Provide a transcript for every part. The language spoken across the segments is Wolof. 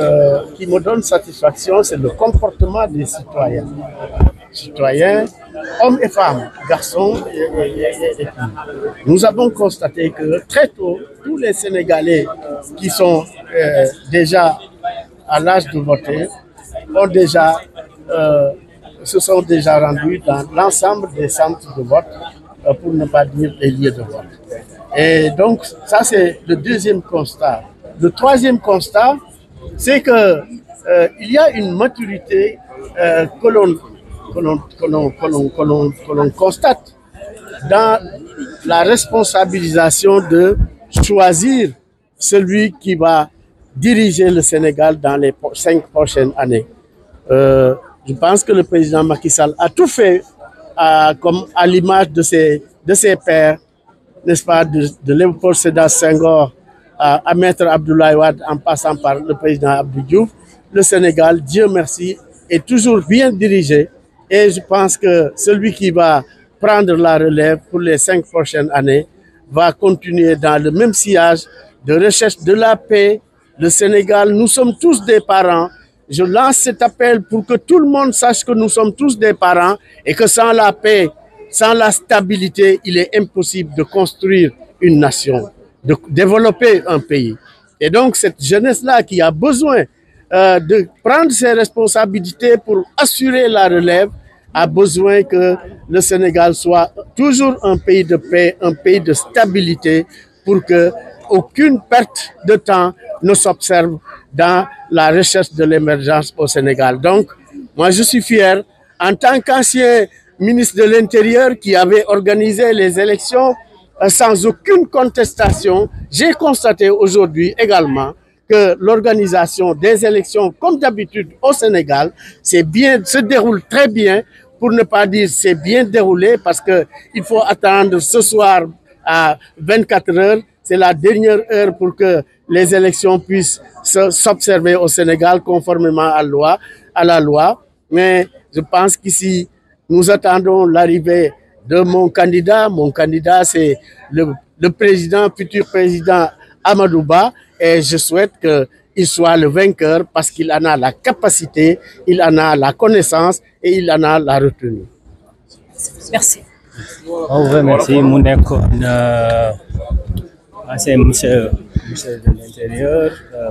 Euh, qui me donne satisfaction, c'est le comportement des citoyens. Citoyens, hommes et femmes, garçons et, filles. Nous avons constaté que très tôt, tous les Sénégalais qui sont euh, déjà à l'âge de voter ont déjà, euh, se sont déjà rendus dans l'ensemble des centres de vote, pour ne pas dire les lieux de vote. Et donc, ça, c'est le deuxième constat. Le troisième constat, c'est que euh, il y a une maturité euh, que l'on constate dans la responsabilisation de choisir celui qui va diriger le Sénégal dans les cinq prochaines années. Euh, je pense que le président Macky Sall a tout fait à, comme à l'image de ses, de ses pères, n'est-ce pas, de, de Léopold Sédar Senghor, à, Maître Abdoulaye Wade en passant par le président Abdou Diouf, le Sénégal, Dieu merci, est toujours bien dirigé et je pense que celui qui va prendre la relève pour les cinq prochaines années va continuer dans le même sillage de recherche de la paix. Le Sénégal, nous sommes tous des parents. Je lance cet appel pour que tout le monde sache que nous sommes tous des parents et que sans la paix, sans la stabilité, il est impossible de construire une nation de développer un pays. Et donc, cette jeunesse-là qui a besoin euh, de prendre ses responsabilités pour assurer la relève a besoin que le Sénégal soit toujours un pays de paix, un pays de stabilité pour que aucune perte de temps ne s'observe dans la recherche de l'émergence au Sénégal. Donc, moi, je suis fier en tant qu'ancien ministre de l'Intérieur qui avait organisé les élections euh, sans aucune contestation. J'ai constaté aujourd'hui également que l'organisation des élections, comme d'habitude au Sénégal, bien, se déroule très bien, pour ne pas dire c'est bien déroulé, parce qu'il faut attendre ce soir à 24 heures. C'est la dernière heure pour que les élections puissent s'observer au Sénégal conformément à, loi, à la loi. Mais je pense qu'ici, nous attendons l'arrivée de mon candidat. Mon candidat, c'est le, le, président, futur président Amadouba. Et je souhaite qu'il soit le vainqueur parce qu'il en a la capacité, il en a la connaissance et il en a la retenue. Merci. Oh, Au revoir, merci. Mon euh, ah, monsieur monsieur l'intérieur euh,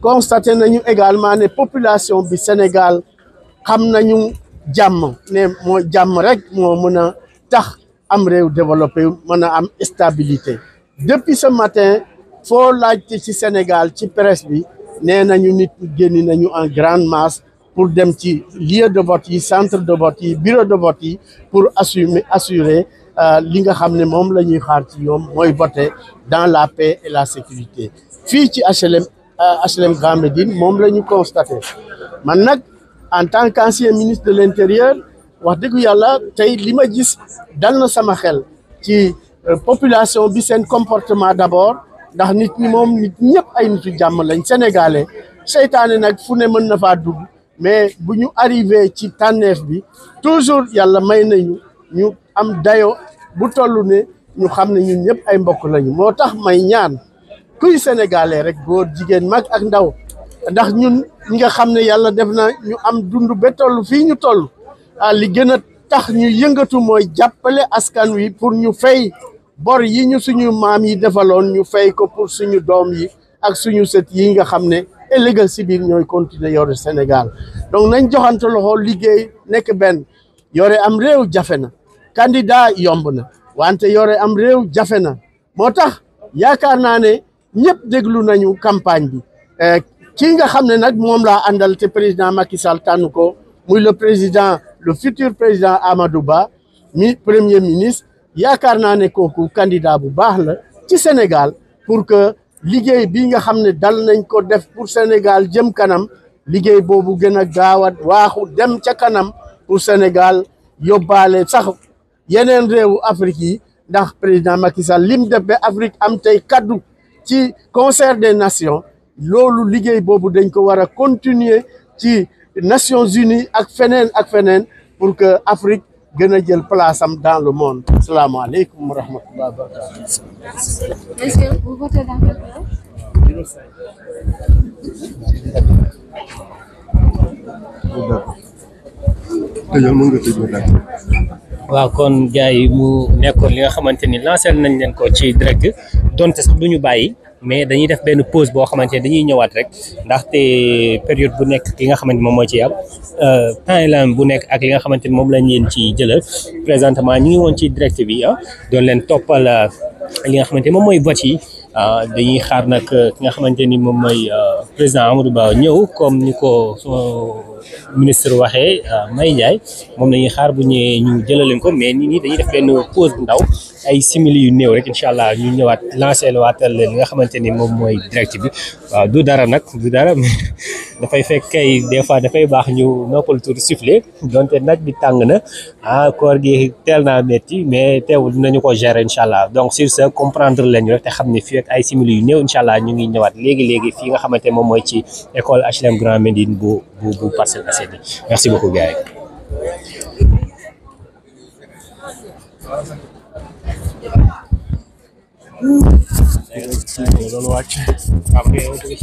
constaté nañu également ne population bi Sénégal comme nous jàmm ne moo jàmm rek mo mën tax am rew développé mën am stabilité depuis ce matin fo laajte ci Sénégal ci presse bi né nañu nit génni nañu en grande masse pour dem ci lieu de vote centre de vote bureau de vote pour assumer assurer euh, li nga xamné mom lañuy xaar ci ñom moy voter dans la paix et la sécurité fi ci HLM HLM euh, Grand Médine lañu constaté man en tant qu'ancien ministre de l'intérieur wax dëgg yalla tay li ma gis dal na sama xel ci euh, population bi un comportement d'abord ndax nit ñi mom nit ñep ay sénégalais mais bu arrivé ci bi toujours yalla may nañu ñu am dayo bu ne ñu xam ñun ñep ay mbokk lañu motax may ñaan kuy sénégalais rek góor jigéen mag ak ndaw ndax ñun ñi nga xam ne yàlla def na ñu am dund ba toll fii ñu toll ah li gën a tax ñu yëngatu mooy jàppale askan wi pour ñu fay bor yi ñu suñu maam yi defaloon ñu fay ko pour suñu doom yi ak suñu sët yi nga xam ne ëllëgal si biir ñooy continuer yore Sénégal donc nañ joxante loxo liggéey nekk benn yore am réew jafe na kandida yomb na wante yore am réew jafe na moo tax yaakaar naa ñëpp déglu nañu campagne bi euh, kii nga xam ne nag moom laa àndal te président Macky Sall tànn ko muy le président le futur président Amadou Ba mi premier ministre yaakaar naa ne kooku candidat bu baax la ci Sénégal pour que liggéey bi nga xam ne dal nañ ko def pour Sénégal jëm kanam liggéey boobu gën a gaaw a waaxu dem ca kanam pour Sénégal yóbbaale sax yeneen réewu Afrique yi ndax président Macky Sall lim def ba Afrique am tey kaddu qui concert des nations loolu liguey bobu dañ ko wara continuer ci Nations Unies ak fenen ak fenen pour que Afrique gëna jël place am dans le monde salaamaaleykum wa rahmatullah wa barakatu est-ce que vous votez dans quel wa kon gars mu nekkoon li nga xamanteni lancer nañ len ko ci direct donte sax du ñu bàyyi mais dañuy def benn pause boo xamante ne dañuy ñëwaat rek ndaxte période bu nekk ki nga xamante moom moo ci am euh, timeline bu nekk ak li nga xamante ni moom lañ leen ci jëlal présentement ñu ngi woon ci direct bi ah doon leen toppal euh, li nga xamante moom mooy vote yi euh, dañuy xaar nag ki nga xamante ni moom mooy président Amadou Ba ñëw comme ni ko ministre waxee euh, May Ndiaye moom na ñuy xaar bu ñëwee ñu jëlaleen ko mais nit ñi dañuy def benn pause ndaw ay simili yu néew rek incha allah ñu ñëwaat lancé waatal li nga xamante ni moom mooy direct bi waaw du dara nag du dara dafay fekk kay des fois dafay baax ñu noppal tur sifflé donte naaj bi tàng na ah koor gi teel naa metti mais teewul dinañu ko gérer incha donc sur ce comprendre lañu te xam ne fii ak ay yu néew allah ñu ngi ñëwaat léegi léegi fii nga xamante moom mooy ci école HLM Grand Médine bu. buku pasir Parcelles Assainies merci beaucoup gars